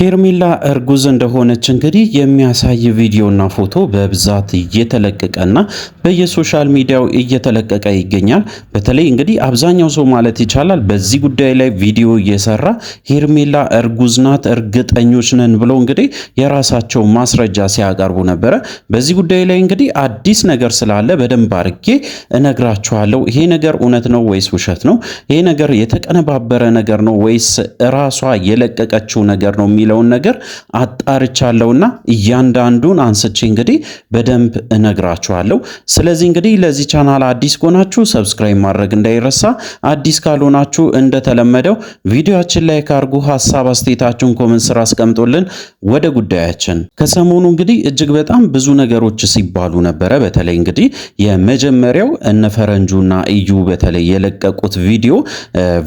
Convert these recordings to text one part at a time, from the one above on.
ሄርሜላ እርጉዝ እንደሆነች እንግዲህ የሚያሳይ ቪዲዮና ፎቶ በብዛት እየተለቀቀና በየሶሻል ሚዲያው እየተለቀቀ ይገኛል። በተለይ እንግዲህ አብዛኛው ሰው ማለት ይቻላል በዚህ ጉዳይ ላይ ቪዲዮ እየሰራ ሄርሜላ እርጉዝ ናት፣ እርግጠኞች ነን ብሎ እንግዲህ የራሳቸው ማስረጃ ሲያቀርቡ ነበረ። በዚህ ጉዳይ ላይ እንግዲህ አዲስ ነገር ስላለ በደንብ አድርጌ እነግራችኋለሁ። ይሄ ነገር እውነት ነው ወይስ ውሸት ነው? ይሄ ነገር የተቀነባበረ ነገር ነው ወይስ ራሷ የለቀቀችው ነገር ነው የሚል የሚለውን ነገር አጣርቻለሁና እያንዳንዱን አንስቼ እንግዲህ በደንብ እነግራችኋለሁ። ስለዚህ እንግዲህ ለዚህ ቻናል አዲስ ከሆናችሁ ሰብስክራይብ ማድረግ እንዳይረሳ፣ አዲስ ካልሆናችሁ እንደተለመደው ቪዲዮችን ላይ ካርጉ ሀሳብ አስተያየታችሁን ኮመንት ስራ አስቀምጦልን ወደ ጉዳያችን ከሰሞኑ እንግዲህ እጅግ በጣም ብዙ ነገሮች ሲባሉ ነበረ። በተለይ እንግዲህ የመጀመሪያው እነፈረንጁና እዩ በተለይ የለቀቁት ቪዲዮ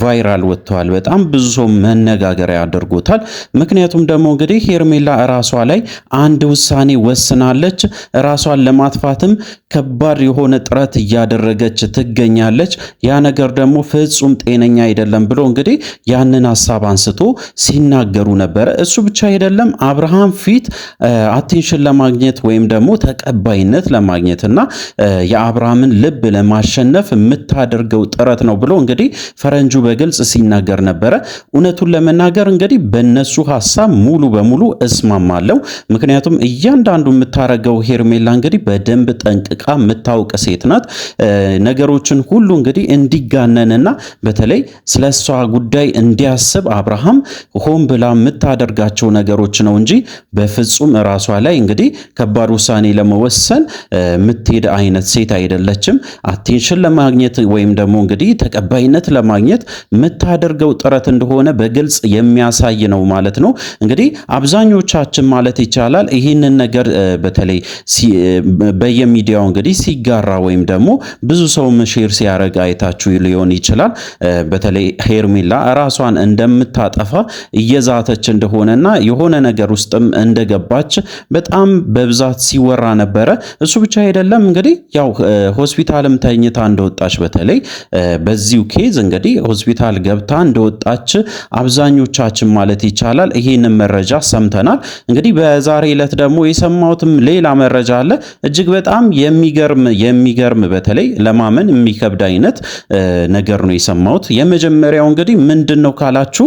ቫይራል ወጥተዋል። በጣም ብዙ ሰው መነጋገሪያ አድርጎታል። ምክንያቱ ምክንያቱም ደግሞ እንግዲህ ሄርሜላ ራሷ ላይ አንድ ውሳኔ ወስናለች። ራሷን ለማጥፋትም ከባድ የሆነ ጥረት እያደረገች ትገኛለች። ያ ነገር ደግሞ ፍጹም ጤነኛ አይደለም ብሎ እንግዲህ ያንን ሀሳብ አንስቶ ሲናገሩ ነበረ። እሱ ብቻ አይደለም አብርሃም ፊት አቴንሽን ለማግኘት ወይም ደግሞ ተቀባይነት ለማግኘት እና የአብርሃምን ልብ ለማሸነፍ የምታደርገው ጥረት ነው ብሎ እንግዲህ ፈረንጁ በግልጽ ሲናገር ነበረ። እውነቱን ለመናገር እንግዲህ በነሱ ሀሳብ ሙሉ በሙሉ እስማማለሁ። ምክንያቱም እያንዳንዱ የምታረገው ሄርሜላ እንግዲህ በደንብ ጠንቅቃ የምታውቅ ሴት ናት። ነገሮችን ሁሉ እንግዲህ እንዲጋነንና በተለይ ስለ እሷ ጉዳይ እንዲያስብ አብርሃም ሆን ብላ የምታደርጋቸው ነገሮች ነው እንጂ በፍጹም ራሷ ላይ እንግዲህ ከባድ ውሳኔ ለመወሰን የምትሄድ አይነት ሴት አይደለችም። አቴንሽን ለማግኘት ወይም ደግሞ እንግዲህ ተቀባይነት ለማግኘት የምታደርገው ጥረት እንደሆነ በግልጽ የሚያሳይ ነው ማለት ነው። እንግዲህ አብዛኞቻችን ማለት ይቻላል ይህንን ነገር በተለይ በየሚዲያው እንግዲህ ሲጋራ ወይም ደግሞ ብዙ ሰው ሼር ሲያደርግ አይታችሁ ሊሆን ይችላል። በተለይ ሄርሜላ ራሷን እንደምታጠፋ እየዛተች እንደሆነና የሆነ ነገር ውስጥም እንደገባች በጣም በብዛት ሲወራ ነበረ። እሱ ብቻ አይደለም እንግዲህ ያው ሆስፒታልም ተኝታ እንደወጣች በተለይ በዚሁ ኬዝ እንግዲህ ሆስፒታል ገብታ እንደወጣች አብዛኞቻችን ማለት ይቻላል ይሄን ይህንን መረጃ ሰምተናል። እንግዲህ በዛሬ ዕለት ደግሞ የሰማሁትም ሌላ መረጃ አለ። እጅግ በጣም የሚገርም የሚገርም በተለይ ለማመን የሚከብድ አይነት ነገር ነው የሰማሁት። የመጀመሪያው እንግዲህ ምንድን ነው ካላችሁ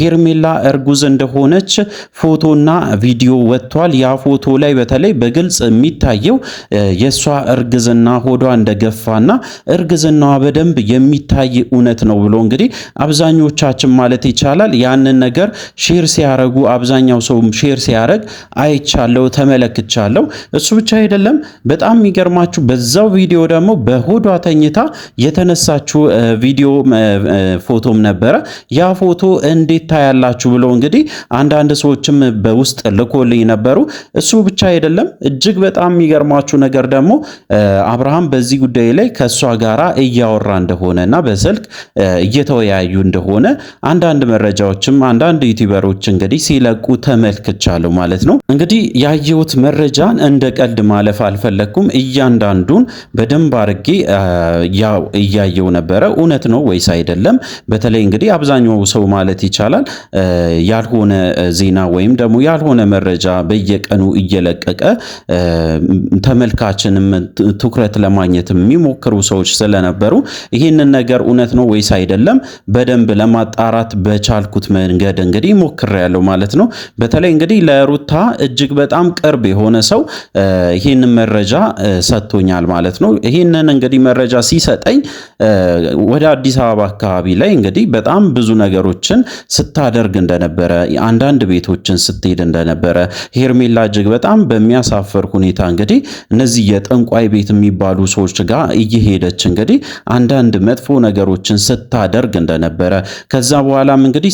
ሄርሜላ እርጉዝ እንደሆነች ፎቶና ቪዲዮ ወጥቷል። ያ ፎቶ ላይ በተለይ በግልጽ የሚታየው የእሷ እርግዝና ሆዷ እንደገፋና እርግዝናዋ በደንብ የሚታይ እውነት ነው ብሎ እንግዲህ አብዛኞቻችን ማለት ይቻላል ያንን ነገር ሼር ሲያ ሲያረጉ አብዛኛው ሰው ሼር ሲያረግ አይቻለው ተመለክቻለው። እሱ ብቻ አይደለም፣ በጣም የሚገርማችሁ በዛው ቪዲዮ ደግሞ በሆዷ ተኝታ የተነሳችው ቪዲዮ ፎቶም ነበረ። ያ ፎቶ እንዴት ታያላችሁ ብሎ እንግዲህ አንዳንድ ሰዎችም በውስጥ ልኮልኝ ነበሩ። እሱ ብቻ አይደለም፣ እጅግ በጣም የሚገርማችሁ ነገር ደግሞ አብርሃም በዚህ ጉዳይ ላይ ከእሷ ጋራ እያወራ እንደሆነ እና በስልክ እየተወያዩ እንደሆነ አንዳንድ መረጃዎችም አንዳንድ ዩቲዩበሮችን እንግዲህ ሲለቁ ተመልክቻለሁ ማለት ነው። እንግዲህ ያየሁት መረጃን እንደ ቀልድ ማለፍ አልፈለግኩም። እያንዳንዱን በደንብ አርጌ ያው እያየው ነበረ። እውነት ነው ወይስ አይደለም? በተለይ እንግዲህ አብዛኛው ሰው ማለት ይቻላል ያልሆነ ዜና ወይም ደግሞ ያልሆነ መረጃ በየቀኑ እየለቀቀ ተመልካችንም ትኩረት ለማግኘት የሚሞክሩ ሰዎች ስለነበሩ ይህንን ነገር እውነት ነው ወይስ አይደለም በደንብ ለማጣራት በቻልኩት መንገድ እንግዲህ ሞክሬ ያለው ማለት ነው። በተለይ እንግዲህ ለሩታ እጅግ በጣም ቅርብ የሆነ ሰው ይህንን መረጃ ሰጥቶኛል ማለት ነው። ይህንን እንግዲህ መረጃ ሲሰጠኝ ወደ አዲስ አበባ አካባቢ ላይ እንግዲህ በጣም ብዙ ነገሮችን ስታደርግ እንደነበረ፣ አንዳንድ ቤቶችን ስትሄድ እንደነበረ ሄርሜላ እጅግ በጣም በሚያሳፍር ሁኔታ እንግዲህ እነዚህ የጠንቋይ ቤት የሚባሉ ሰዎች ጋር እየሄደች እንግዲህ አንዳንድ መጥፎ ነገሮችን ስታደርግ እንደነበረ ከዛ በኋላም እንግዲህ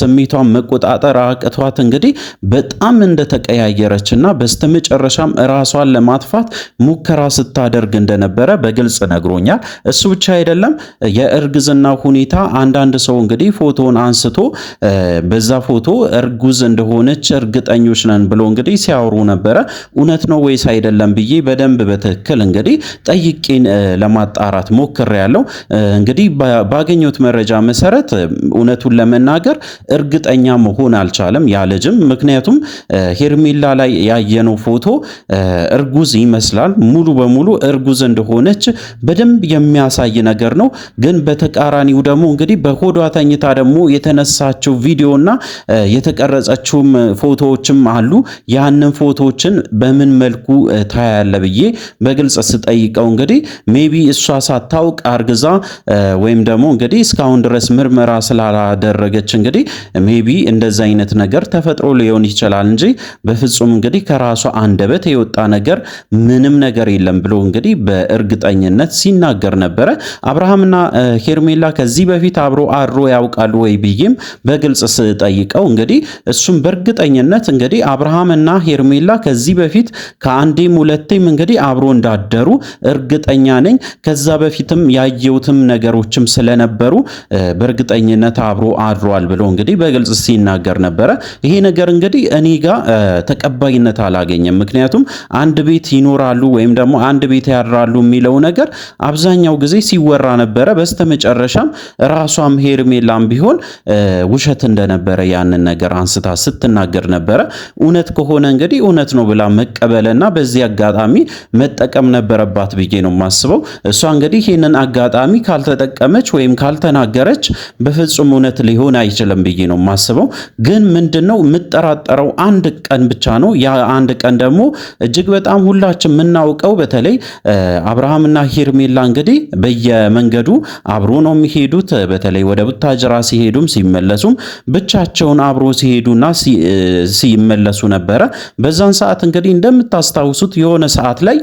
ስሜቷን መቆጣጠር መቆጣጠር አቅቷት እንግዲህ በጣም እንደተቀያየረች እና በስተመጨረሻም ራሷን ለማጥፋት ሙከራ ስታደርግ እንደነበረ በግልጽ ነግሮኛል። እሱ ብቻ አይደለም የእርግዝና ሁኔታ አንዳንድ ሰው እንግዲህ ፎቶን አንስቶ በዛ ፎቶ እርጉዝ እንደሆነች እርግጠኞች ነን ብሎ እንግዲህ ሲያወሩ ነበረ። እውነት ነው ወይስ አይደለም ብዬ በደንብ በትክክል እንግዲህ ጠይቄን ለማጣራት ያለው እንግዲህ ባገኘሁት መረጃ መሰረት እውነቱን ለመናገር እርግጠኛ መሆን ሊሆን አልቻለም ያ ልጅም። ምክንያቱም ሄርሜላ ላይ ያየነው ፎቶ እርጉዝ ይመስላል፣ ሙሉ በሙሉ እርጉዝ እንደሆነች በደንብ የሚያሳይ ነገር ነው። ግን በተቃራኒው ደግሞ እንግዲህ በሆዷ ተኝታ ደግሞ የተነሳችው ቪዲዮና የተቀረጸችውም ፎቶዎችም አሉ። ያንን ፎቶዎችን በምን መልኩ ታያለ ብዬ በግልጽ ስጠይቀው እንግዲህ ሜቢ እሷ ሳታውቅ አርግዛ ወይም ደግሞ እንግዲህ እስካሁን ድረስ ምርመራ ስላላደረገች እንግዲህ ሜቢ እንደዛ አይነት ነገር ተፈጥሮ ሊሆን ይችላል እንጂ በፍጹም እንግዲህ ከራሱ አንደበት የወጣ ነገር ምንም ነገር የለም ብሎ እንግዲህ በእርግጠኝነት ሲናገር ነበረ። አብርሃምና ሄርሜላ ከዚህ በፊት አብሮ አድሮ ያውቃሉ ወይ ብዬም በግልጽ ስጠይቀው እንግዲህ እሱም በእርግጠኝነት እንግዲህ አብርሃምና ሄርሜላ ከዚህ በፊት ከአንዴም ሁለቴም እንግዲህ አብሮ እንዳደሩ እርግጠኛ ነኝ። ከዛ በፊትም ያየሁትም ነገሮችም ስለነበሩ በእርግጠኝነት አብሮ አድሯል ብሎ እንግዲህ በግልጽ ሲናገር ነገር ነበረ። ይሄ ነገር እንግዲህ እኔ ጋር ተቀባይነት አላገኘም። ምክንያቱም አንድ ቤት ይኖራሉ ወይም ደግሞ አንድ ቤት ያድራሉ የሚለው ነገር አብዛኛው ጊዜ ሲወራ ነበረ። በስተመጨረሻም ራሷም ሄርሜላም ቢሆን ውሸት እንደነበረ ያንን ነገር አንስታ ስትናገር ነበረ። እውነት ከሆነ እንግዲህ እውነት ነው ብላ መቀበልና በዚህ አጋጣሚ መጠቀም ነበረባት ብዬ ነው የማስበው። እሷ እንግዲህ ይህንን አጋጣሚ ካልተጠቀመች ወይም ካልተናገረች በፍጹም እውነት ሊሆን አይችልም ብዬ ነው የማስበው። ግን ምንድን ነው የምጠራጠረው አንድ ቀን ብቻ ነው። ያ አንድ ቀን ደግሞ እጅግ በጣም ሁላችን የምናውቀው በተለይ አብርሃምና ሄርሜላ እንግዲህ በየመንገዱ አብሮ ነው የሚሄዱት። በተለይ ወደ ቡታጅራ ሲሄዱም ሲመለሱም ብቻቸውን አብሮ ሲሄዱና ሲመለሱ ነበረ። በዛን ሰዓት እንግዲህ እንደምታስታውሱት የሆነ ሰዓት ላይ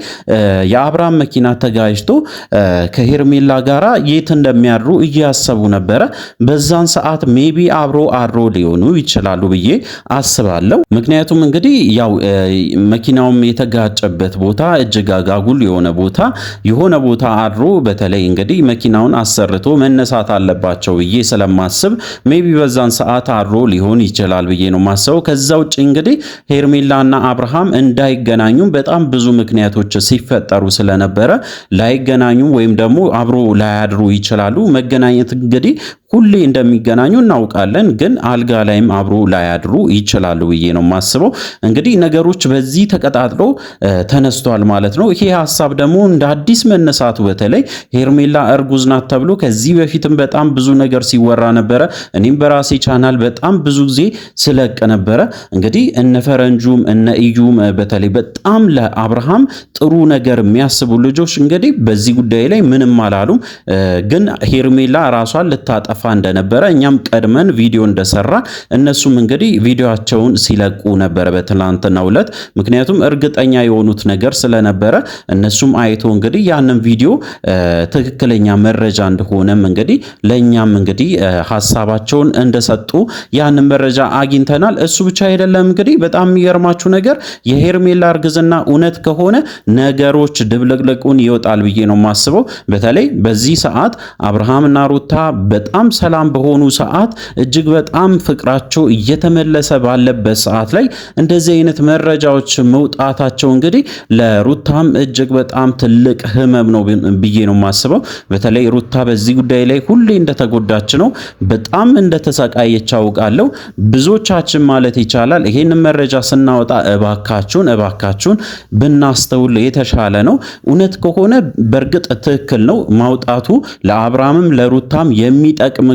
የአብርሃም መኪና ተጋጅቶ ከሄርሜላ ጋር የት እንደሚያድሩ እያሰቡ ነበረ። በዛን ሰዓት ሜቢ አብሮ አድሮ ሊሆኑ ይችላሉ ብዬ አስባለሁ። ምክንያቱም እንግዲህ ያው መኪናውም የተጋጨበት ቦታ እጅግ አጋጉል የሆነ ቦታ የሆነ ቦታ አድሮ በተለይ እንግዲህ መኪናውን አሰርቶ መነሳት አለባቸው ብዬ ስለማስብ ሜቢ በዛን ሰዓት አድሮ ሊሆን ይችላል ብዬ ነው ማስበው። ከዛ ውጭ እንግዲህ ሄርሜላና አብርሃም እንዳይገናኙም በጣም ብዙ ምክንያቶች ሲፈጠሩ ስለነበረ ላይገናኙም ወይም ደግሞ አብሮ ላያድሩ ይችላሉ። መገናኘት እንግዲህ ሁሌ እንደሚገናኙ እናውቃለን፣ ግን አልጋ ላይም አብሮ ላያድሩ ይችላሉ ብዬ ነው የማስበው። እንግዲህ ነገሮች በዚህ ተቀጣጥሎ ተነስቷል ማለት ነው። ይሄ ሀሳብ ደግሞ እንደ አዲስ መነሳቱ በተለይ ሄርሜላ እርጉዝ ናት ተብሎ ከዚህ በፊትም በጣም ብዙ ነገር ሲወራ ነበረ። እኔም በራሴ ቻናል በጣም ብዙ ጊዜ ስለቅ ነበረ። እንግዲህ እነ ፈረንጁም እነ እዩም በተለይ በጣም ለአብርሃም ጥሩ ነገር የሚያስቡ ልጆች እንግዲህ በዚህ ጉዳይ ላይ ምንም አላሉም። ግን ሄርሜላ ራሷን ልታጠፋ እንደነበረ እኛም ቀድመን ቪዲዮ እንደሰራ እነሱም እንግዲህ ቪዲዮቸውን ሲለቁ ነበረ በትላንትናው ዕለት። ምክንያቱም እርግጠኛ የሆኑት ነገር ስለነበረ እነሱም አይቶ እንግዲህ ያንን ቪዲዮ ትክክለኛ መረጃ እንደሆነም እንግዲህ ለእኛም እንግዲህ ሀሳባቸውን እንደሰጡ ያንን መረጃ አግኝተናል። እሱ ብቻ አይደለም እንግዲህ በጣም የሚገርማችሁ ነገር የሄርሜላ እርግዝና እውነት ከሆነ ነገሮች ድብልቅልቁን ይወጣል ብዬ ነው የማስበው። በተለይ በዚህ ሰዓት አብርሃምና ሩታ በጣም ሰላም በሆኑ ሰዓት እጅግ በጣም ፍቅራቸው ወደቤታቸው እየተመለሰ ባለበት ሰዓት ላይ እንደዚህ አይነት መረጃዎች መውጣታቸው እንግዲህ ለሩታም እጅግ በጣም ትልቅ ህመም ነው ብዬ ነው የማስበው። በተለይ ሩታ በዚህ ጉዳይ ላይ ሁሌ እንደተጎዳች ነው፣ በጣም እንደተሰቃየች አውቃለሁ። ብዙዎቻችን ማለት ይቻላል ይሄንን መረጃ ስናወጣ እባካችሁን እባካችሁን ብናስተውል የተሻለ ነው። እውነት ከሆነ በእርግጥ ትክክል ነው ማውጣቱ ለአብርሃምም ለሩታም የሚጠቅም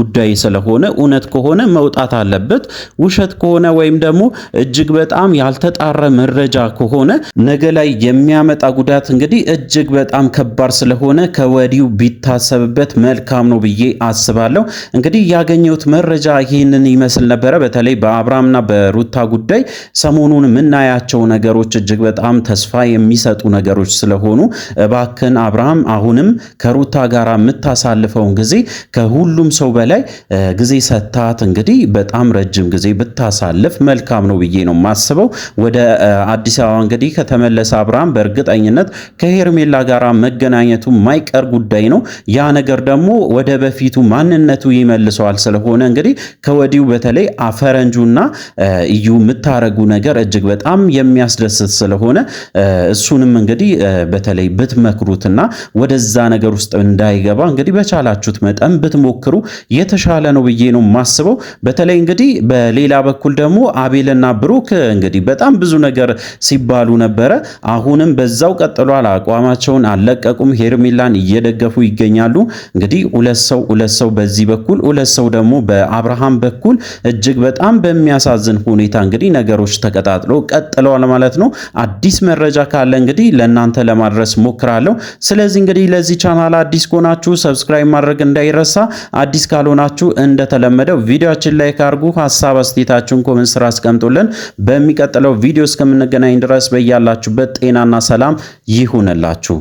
ጉዳይ ስለሆነ እውነት ከሆነ መውጣት መጣራት አለበት። ውሸት ከሆነ ወይም ደግሞ እጅግ በጣም ያልተጣረ መረጃ ከሆነ ነገ ላይ የሚያመጣ ጉዳት እንግዲህ እጅግ በጣም ከባድ ስለሆነ ከወዲሁ ቢታሰብበት መልካም ነው ብዬ አስባለሁ። እንግዲህ ያገኘሁት መረጃ ይህንን ይመስል ነበረ። በተለይ በአብርሃምና በሩታ ጉዳይ ሰሞኑን የምናያቸው ነገሮች እጅግ በጣም ተስፋ የሚሰጡ ነገሮች ስለሆኑ እባክን አብርሃም አሁንም ከሩታ ጋር የምታሳልፈውን ጊዜ ከሁሉም ሰው በላይ ጊዜ ሰታት እንግዲህ በጣም ረጅም ጊዜ ብታሳልፍ መልካም ነው ብዬ ነው የማስበው። ወደ አዲስ አበባ እንግዲህ ከተመለሰ አብርሃም በእርግጠኝነት ከሄርሜላ ጋር መገናኘቱ የማይቀር ጉዳይ ነው። ያ ነገር ደግሞ ወደ በፊቱ ማንነቱ ይመልሰዋል። ስለሆነ እንግዲህ ከወዲሁ በተለይ አፈረንጁና እዩ የምታረጉ ነገር እጅግ በጣም የሚያስደስት ስለሆነ እሱንም እንግዲህ በተለይ ብትመክሩትና ወደዛ ነገር ውስጥ እንዳይገባ እንግዲህ በቻላችሁት መጠን ብትሞክሩ የተሻለ ነው ብዬ ነው የማስበው በተለይ በተለይ እንግዲህ በሌላ በኩል ደግሞ አቤልና ብሩክ እንግዲህ በጣም ብዙ ነገር ሲባሉ ነበረ። አሁንም በዛው ቀጥሏል። አቋማቸውን አልለቀቁም። ሄርሜላን እየደገፉ ይገኛሉ። እንግዲህ ሁለት ሰው ሁለት ሰው በዚህ በኩል ሁለት ሰው ደግሞ በአብርሃም በኩል እጅግ በጣም በሚያሳዝን ሁኔታ እንግዲህ ነገሮች ተቀጣጥሎ ቀጥለዋል ማለት ነው። አዲስ መረጃ ካለ እንግዲህ ለእናንተ ለማድረስ ሞክራለሁ። ስለዚህ እንግዲህ ለዚህ ቻናል አዲስ ከሆናችሁ ሰብስክራይብ ማድረግ እንዳይረሳ፣ አዲስ ካልሆናችሁ እንደተለመደው ቪዲዮችን ላይ አድርጉ። ሀሳብ አስተያየታችሁን ኮሜንት ስራ አስቀምጡልን። በሚቀጥለው ቪዲዮ እስከምንገናኝ ድረስ በያላችሁበት ጤናና ሰላም ይሁንላችሁ።